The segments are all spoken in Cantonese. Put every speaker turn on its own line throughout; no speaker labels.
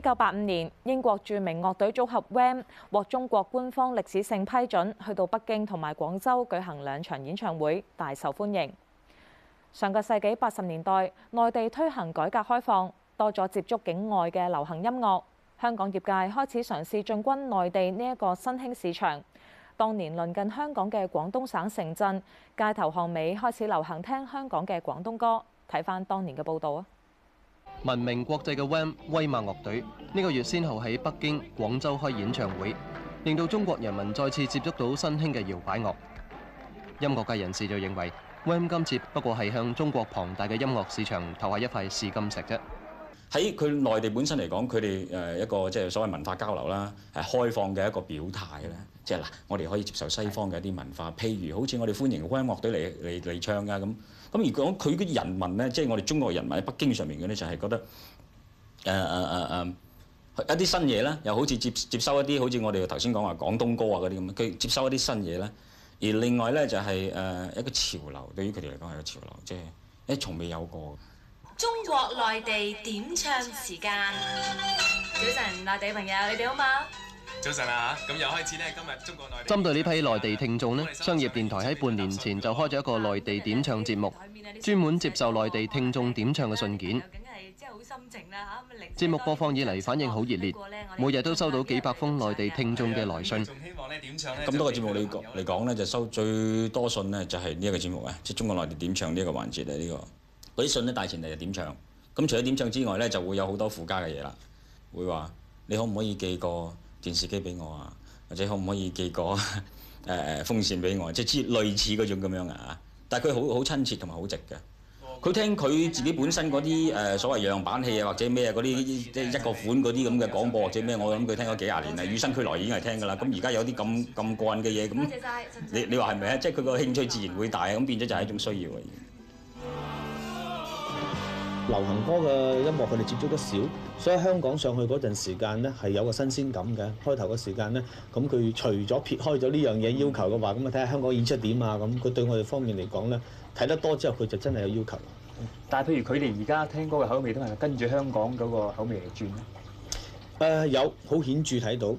1985年，英國著名樂隊組合 WAM, (WAM) 獲中國官方歷史性批准，去到北京同埋廣州舉行兩場演唱會。
聞名國際嘅 w 威猛樂隊呢個月先後喺北京、廣州開演唱會，令到中國人民再次接觸到新興嘅搖擺樂。音樂界人士就認為，Wem 今次不過係向中國龐大嘅音樂市場投下一塊試金石啫。喺佢內地本身
嚟講，佢哋誒一個即係所謂文化交流啦，係開放嘅一個表態咧。即係嗱，我哋可以接受西方嘅一啲文化，譬如好似我哋歡迎西方樂隊嚟嚟嚟唱啊咁。咁如果佢嘅人民咧，即係我哋中國人民喺北京上面嘅咧，就係覺得誒誒誒誒一啲新嘢咧，又好似接接收一啲好似我哋頭先講話廣東歌啊嗰啲咁，佢接收一啲新嘢咧。而另外咧就係誒一個潮流，對於佢哋嚟講係個潮流，即係誒從未有過。
中國內地點唱時間，早晨，內地的朋友，
嗰啲信咧大前提就點唱，咁除咗點唱之外咧，就會有好多附加嘅嘢啦。會話你可唔可以寄個電視機俾我啊？或者可唔可以寄個誒、呃、風扇俾我，啊？即係似類似嗰種咁樣啊。但係佢好好親切同埋好直嘅。佢聽佢自己本身嗰啲誒所謂樣板戲啊，或者咩啊嗰啲即係一個款嗰啲咁嘅廣播或者咩，我諗佢聽咗幾廿年啦，與生俱來已經係聽㗎啦。咁而家有啲咁咁過癮嘅嘢咁，你你話係咪啊？即係佢個興趣自然會大，咁變咗就係一種需要。
流行歌嘅音樂，佢哋接觸得少，所以香港上去嗰陣時間呢，係有個新鮮感嘅。開頭嘅時間呢，咁佢除咗撇開咗呢樣嘢要求嘅話，咁啊睇下香港演出點啊，咁佢對我哋方面嚟講呢，睇得多之後，佢就真係有要求。但係譬如佢哋而家聽歌嘅口味都係跟住香港嗰個口味嚟轉呢？呃，有好顯著睇到。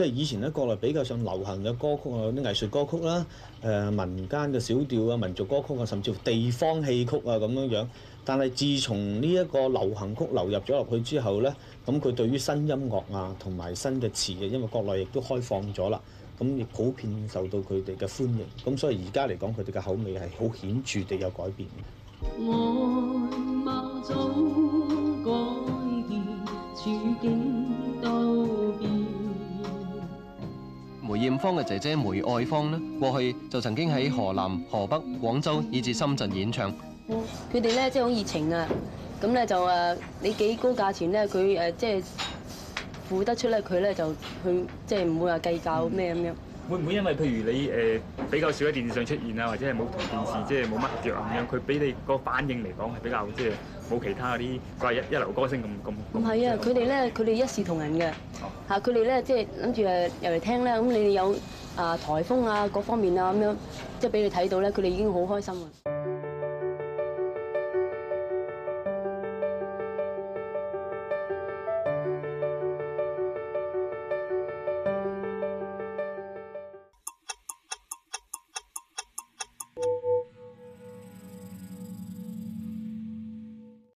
即係以前咧，國內比較上流行嘅歌曲啊，啲藝術歌曲啦、啊，誒、呃、民間嘅小調啊，民族歌曲啊，甚至乎地方戲曲啊咁樣樣。但係自從呢一個流行曲流入咗落去之後咧，咁佢對於新音樂啊，同埋新嘅詞嘅、啊，因為國內亦都開放咗啦，咁亦普遍受到佢哋嘅歡迎。咁所以而家嚟講，佢哋嘅口味係好顯著地有改變。
梅艷芳嘅姐姐梅愛芳咧，過去就曾經喺河南、河北、廣州以至深圳演唱。
佢哋咧即係好熱情啊！咁咧就誒，你幾高價錢咧，佢誒、呃、即係付得出咧，佢咧就去即係唔會話計較咩咁樣。嗯
會唔會因為譬如你誒、呃、比較少喺電視上出現啊，或者係冇同電視即係冇乜合約咁樣，佢俾你個反應嚟講係比較即係冇其他嗰啲怪一一流歌星咁咁？
唔係啊，佢哋咧，佢哋一視同仁嘅。嚇好！佢哋咧即係諗住誒入嚟聽咧，咁你哋有啊颱風啊各方面啊咁樣，即係俾你睇到咧，佢哋已經好開心嘅。